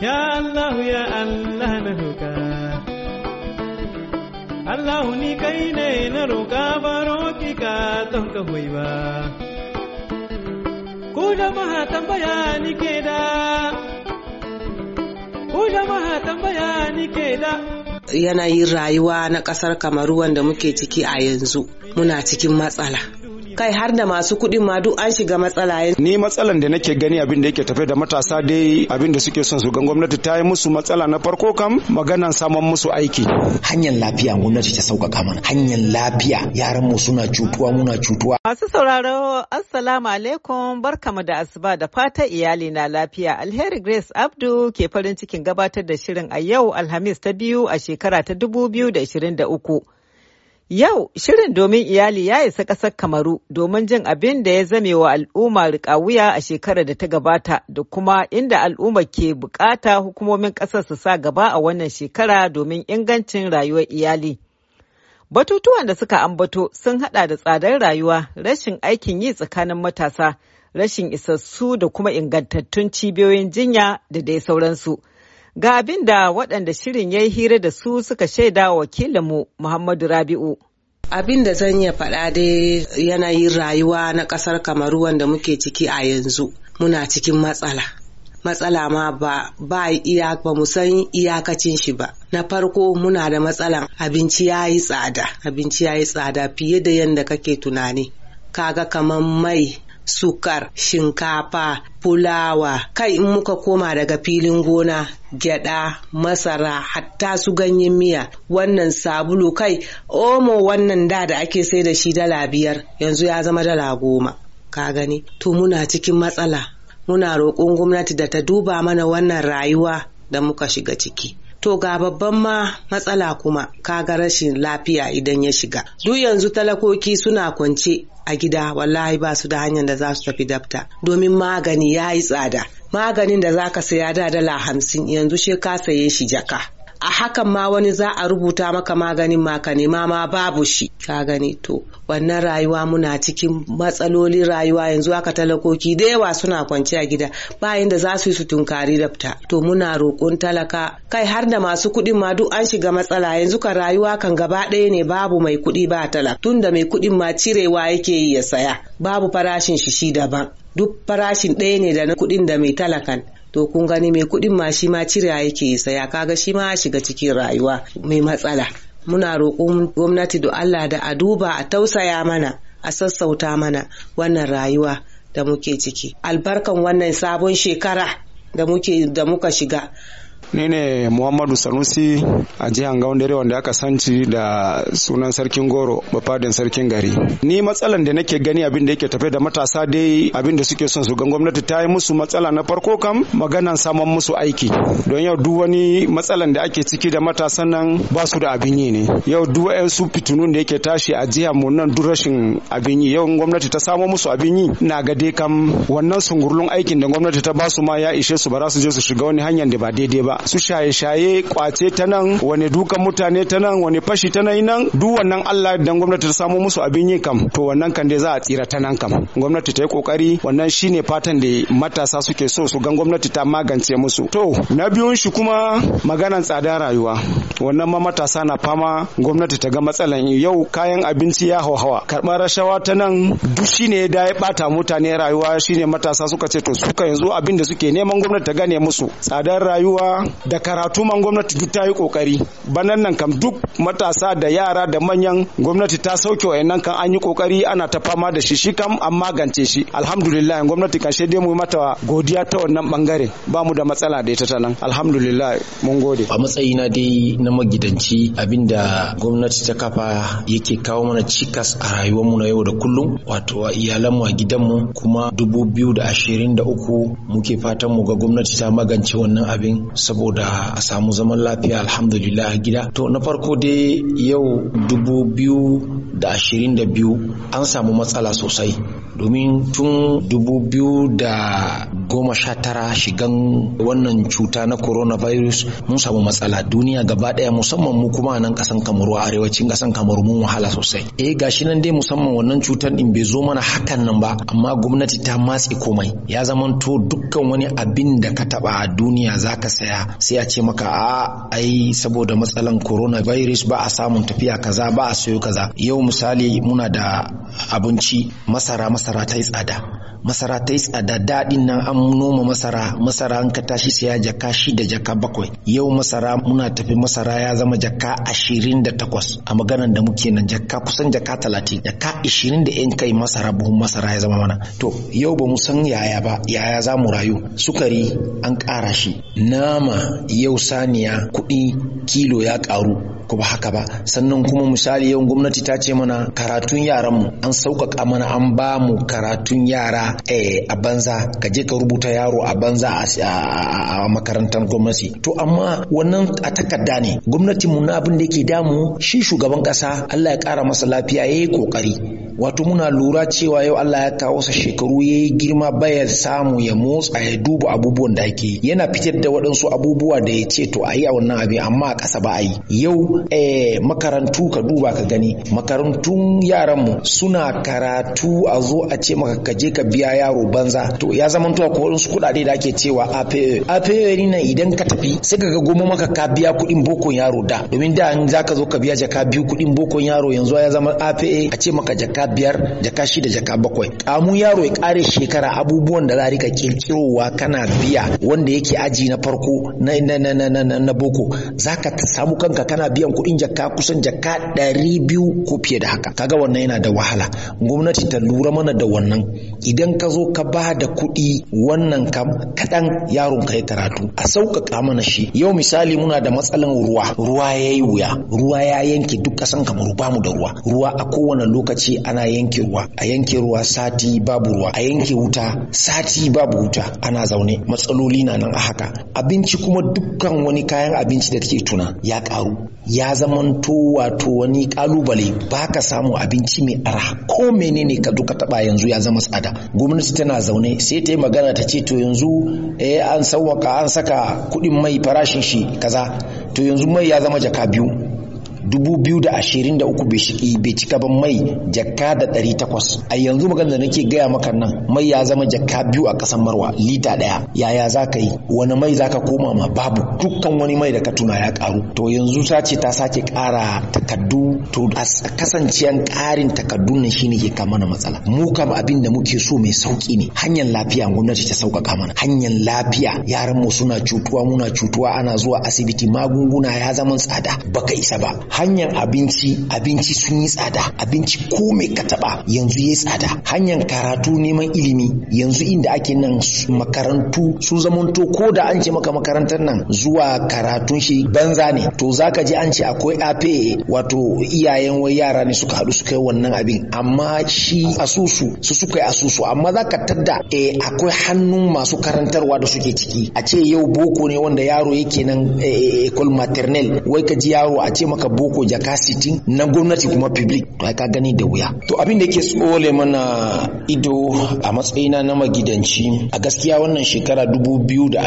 Ya Allah ya Allah na roƙa Allah ni kai ne na roƙa baro ki ka don ka hoyi ba Ku jama'a tambaya ni ke da Ku jama'a tambaya ni ke da Yanayin rayuwa na ƙasar Kamaru wanda muke ciki a yanzu muna cikin matsala kai har da masu kuɗin ma duk an shiga matsala ni matsalan da nake gani abin da yake tafe da matasa dai abin da suke son su ga gwamnati ta yi musu matsala na farko kam maganan saman musu aiki hanyar lafiya gwamnati ta sauƙaƙa mana hanyar lafiya yaran mu suna cutuwa muna cutuwa masu sauraro assalamu alaikum barkamu da asuba da fata iyali na lafiya alheri grace abdu ke farin cikin gabatar da shirin a yau alhamis ta biyu a shekara ta dubu biyu da da uku. Yau shirin domin iyali ya isa ƙasar Kamaru domin jin abin da ya zame wa al'umma wuya a shekarar da ta gabata da kuma inda al'umma ke bukata hukumomin ƙasar su sa gaba a wannan shekara domin ingancin rayuwar iyali. Batutuwan da suka ambato sun hada da tsadar rayuwa, rashin aikin yi tsakanin matasa, rashin isassu da kuma ingantattun cibiyoyin jinya da dai sauransu. Ga abin da waɗanda shirin ya yi hira da su suka shaida wakilinmu Muhammadu Rabi'u. Abin da zan iya faɗa dai yanayin rayuwa na ƙasar kamaru wanda muke ciki a yanzu muna cikin matsala. Matsala ma ba ba iya ba mu san iyakacin shi ba. Na farko muna da matsalan abinci ya yi tsada, abinci ya yi tsada fiye da yadda kake tunani. Kaga kaman mai sukar shinkafa fulawa kai in muka koma daga filin gona gyada masara hatta su ganyen miya wannan sabulu kai omo wannan da da ake sai da shi dala biyar yanzu ya zama dala goma ka gani to muna cikin matsala muna roƙon gwamnati da ta duba mana wannan rayuwa da muka shiga ciki to ga babban ma matsala kuma kaga rashin lafiya idan ya shiga duk yanzu talakoki suna kwance a gida wallahi ba su da hanyar da za su tafi dafta domin magani ya yi tsada maganin da za ka saya da dala hamsin yanzu shi ka saye shi jaka a hakan ma wani za a rubuta maka maganin ma ka ma babu shi ka gani to wannan rayuwa muna cikin matsalolin rayuwa yanzu haka talakoki da yawa suna kwance a gida bayan da za su yi su tunkari da fita to muna roƙon talaka kai har da masu kuɗin ma duk an shiga matsala yanzu ka rayuwa kan gaba ɗaya ne babu mai kuɗi ba talaka tunda mai kuɗin ma cirewa yake yi ya saya babu farashin shi shi daban duk farashin ɗaya ne da na kuɗin da mai talakan to kun gani mai kuɗin ma shi ma cirewa yake saya kaga shi ma shiga cikin rayuwa mai matsala muna roƙon gwamnati da Allah da a duba a tausaya mana a sassauta mana wannan rayuwa da muke ciki albarkan wannan sabon shekara da muka shiga Ni ne Muhammadu Sanusi a jihar Gaundare wanda aka sanci da sunan sarkin Goro bafadin sarkin gari. Ni matsalan da nake gani abin da yake tafe da matasa dai abin da suke son su ga gwamnati ta yi musu matsala na farko kam maganan saman musu aiki. Don yau duk wani matsalan da ake ciki da matasan nan ba su da abin yi ne. Yau duk su fitinun da yake tashi a jihar mu nan duk rashin abin yi. Yau gwamnati ta samo musu abin yi na ga dai kam wannan sungurlun aikin da gwamnati ta ba su ma ya ishe su ba za su je su shiga wani hanyar da ba daidai ba. ba su shaye-shaye kwace ta nan wani dukan mutane ta nan wani fashi ta nan nan duk wannan Allah dan gwamnati ta samu musu abin yin kam to wannan kan dai za a tsira ta nan kam gwamnati ta yi kokari wannan shine fatan da matasa suke so su gan gwamnati ta magance musu to na biyun shi kuma maganan tsada rayuwa wannan ma matasa na fama gwamnati ta ga matsalan yau kayan abinci ya hauhawa karɓar rashawa ta nan duk shine da ya bata mutane rayuwa shine matasa suka ce to suka yanzu abin da suke neman gwamnati ta gane musu tsadar rayuwa da karatu man gwamnati duk ta yi kokari banan nan kam duk matasa da yara da manyan gwamnati ta sauke wayannan kan an yi kokari ana ta fama da shi shi kam an magance shi alhamdulillah gwamnati kan shi dai mu mata godiya ta wannan bangare ba mu da matsala da ita ta nan alhamdulillah mun gode a matsayi matsayina dai na magidanci abinda gwamnati ta kafa yake kawo mana cikas a rayuwar mu na yau da kullum wato a iyalan mu a gidan mu kuma dubu biyu da ashirin da uku muke fatan mu ga gwamnati ta magance wannan abin saboda a samu zaman lafiya alhamdulillah gida to na farko dai yau dubu biyu da ashirin da biyu an samu matsala sosai domin tun da goma sha tara shigan wannan cuta na coronavirus mun samu matsala duniya gaba daya musamman mu kuma nan kasan kamaru a arewacin kasan kamaru mun wahala sosai eh gashi nan dai musamman wannan cutar din bai zo mana hakan nan ba amma gwamnati ta matse komai ya zamanto dukkan wani abin da ka taba a duniya zaka saya sai a ce maka a ai saboda matsalan coronavirus ba a samun tafiya kaza ba a sayo kaza yau misali muna da abinci masara masara ta yi tsada masara ta yi tsada daɗin nan an noma masara masara an ka tashi siya jaka shida jaka bakwai yau masara muna tafi masara ya zama jaka ashirin da takwas a maganan da muke nan jaka kusan jaka talatin jaka ashirin da yan kai masara buhun masara ya zama mana to yau ba san yaya ba yaya za mu rayu sukari an ƙara shi nama yau saniya kuɗi kilo ya ƙaru ko ba haka ba sannan kuma misali yau gwamnati ta ce mana karatun yaran mu an sauƙaƙa mana an ba mu karatun yara eh, a banza ka je ka rubuta yaro a banza a makarantar gwamnati to amma wannan a takarda ne gwamnati mu na abin da yake damu shi shugaban ƙasa Allah ya ƙara masa lafiya yayi kokari wato muna lura cewa yau Allah ya kawo sa shekaru yayi girma baya samu ya motsa ya duba abubuwan da ake yana fitar da waɗansu abubuwa da ya ce to a yi a wannan abin amma a ƙasa ba a yau Eh, makarantu ka duba ka gani makarantun yaranmu suna karatu a zo a ce maka ka je ka biya yaro banza to ya zama to ko kuɗaɗe da ake cewa APE APE ne na idan ka tafi sai ka ga goma maka ka biya kuɗin bokon yaro da domin da in zaka zo ka biya jaka biyu kuɗin bokon yaro yanzu ya zama APE a ce maka jaka biyar jaka shida jaka bakwai kamun yaro ya kare shekara abubuwan da za rika kirkirowa kana biya wanda yake aji na farko na na na na na boko zaka samu kanka kana biyan biyan kuɗin jakka kusan jaka ɗari biyu ko fiye da haka kaga wannan yana da wahala gwamnati ta lura mana da wannan idan ka zo ka ba da kuɗi wannan kam kaɗan yaron ka ya karatu a sauƙaƙa mana shi yau misali muna da matsalan ruwa ruwa ya yi wuya ruwa ya yanke duk ƙasan kamar ba mu da ruwa ruwa a kowane lokaci ana yanke ruwa a yanke ruwa sati babu ruwa a yanke wuta sati babu wuta ana zaune matsaloli na nan a haka abinci kuma dukkan wani kayan abinci da take tuna ya ƙaru ya ya zama zamanto wato wani kalubale baka samu abinci mai arha ko menene ka duka taba yanzu ya zama tsada gwamnati tana zaune sai ta yi magana ta ce to yanzu eh an sauwaka an saka kuɗin mai farashin shi kaza to yanzu mai ya zama jaka biyu 2023 bai cika ba mai jakka da 800 a yanzu magana da nake gaya maka nan mai ya zama jakka biyu a kasan marwa lita daya yaya za ka yi wani mai za ka koma ma babu dukkan wani mai da ka tuna ya karu to yanzu ta ce ta sake kara takaddu to a karin takaddun nan shine ke kama na matsala mu kam abin da muke so mai sauki ne hanyar lafiya gwamnati ta sauƙaƙa mana hanyar lafiya yaran mu suna cutuwa muna cutuwa ana zuwa asibiti magunguna ya zama tsada baka isa ba hanyar abinci abinci sun yi tsada abinci ko mai ka taba yanzu yayi tsada hanyar karatu neman ilimi yanzu inda ake nan makarantu sun zamanto ko da an ce maka makarantar nan zuwa karatun shi banza ne to zaka ji an ce akwai ape wato iyayen wai yara ne suka haɗu suka yi wannan abin amma shi asusu su suka yi asusu amma zaka tadda eh akwai hannun masu karantarwa da suke ciki a ce yau boko ne wanda yaro yake nan ekol eh, eh, eh, maternel wai ka ji yaro a ce maka boko jaka sitin na gwamnati kuma public to ka gani da wuya to abin da yake tsole mana ido a matsayina na magidanci a gaskiya wannan shekara dubu biyu da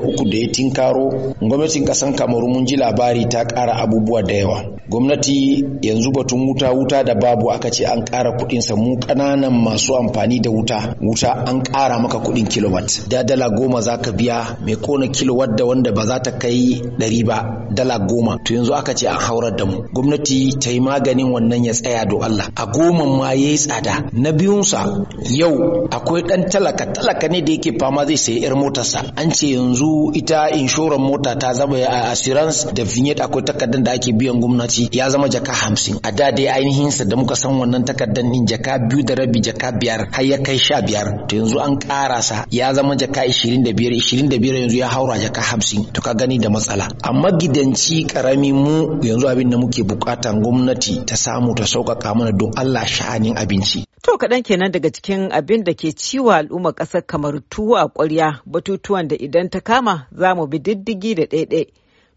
uku da ya tinkaro gwamnatin kasan kamaru mun ji labari ta ƙara abubuwa da yawa gwamnati yanzu batun wuta wuta da babu aka ce an ƙara sa mu ƙananan masu amfani da wuta wuta an ƙara maka kuɗin kilowatt da dala goma za ka biya mai kona kilowatt da wanda ba za ta kai ɗari ba dala goma to yanzu aka ce an haurar da mu gwamnati ta yi maganin wannan ya tsaya do Allah a goma ma ya yi tsada na biyunsa yau akwai ɗan talaka talaka ne da yake fama zai sayi yar motarsa an ce yanzu ita inshoran mota ta zama a assurance da vignette akwai takardar da ake biyan gwamnati ya zama jaka hamsin a da dai ainihin sa da muka san wannan takardar din jaka biyu da rabi jaka biyar har ya kai sha biyar to yanzu an ƙara sa ya zama jaka ishirin da biyar ishirin da biyar yanzu ya haura jaka hamsin to ka gani da matsala amma gidanci karami mu yanzu abin da muke bukatan gwamnati ta samu ta sauƙaƙa mana don Allah sha'anin abinci. To kaɗan kenan daga cikin abin da ke ciwa al'ummar ƙasar kamar tuwa a ƙwarya batutuwan da idan ta kama za mu bi diddigi da ɗaiɗai.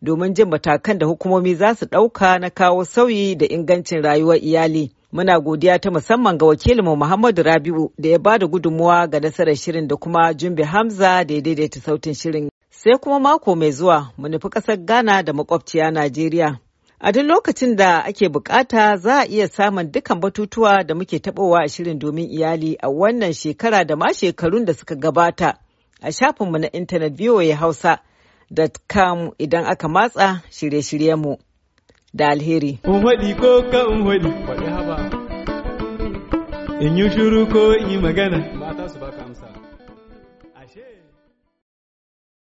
domin jin matakan da hukumomi za su ɗauka na kawo sauyi da ingancin rayuwar iyali. Muna godiya ta musamman ga wakilinmu Muhammadu Rabi'u da ya bada gudunmuwa ga nasarar shirin da kuma Jumbe Hamza da ya daidaita sautin shirin. Sai kuma mako mai zuwa mu nufi ƙasar Ghana da makwabciya Najeriya. A duk lokacin da ake bukata za a iya samun dukkan batutuwa da muke tabowa a shirin domin iyali a wannan shekara da ma shekarun da suka gabata a shafinmu na intanet VOA Hausa. com idan aka matsa shirye-shiryenmu da alheri. In ko ka in faɗi haba, in yi shuru ko in yi magana. Mata su baka amsa.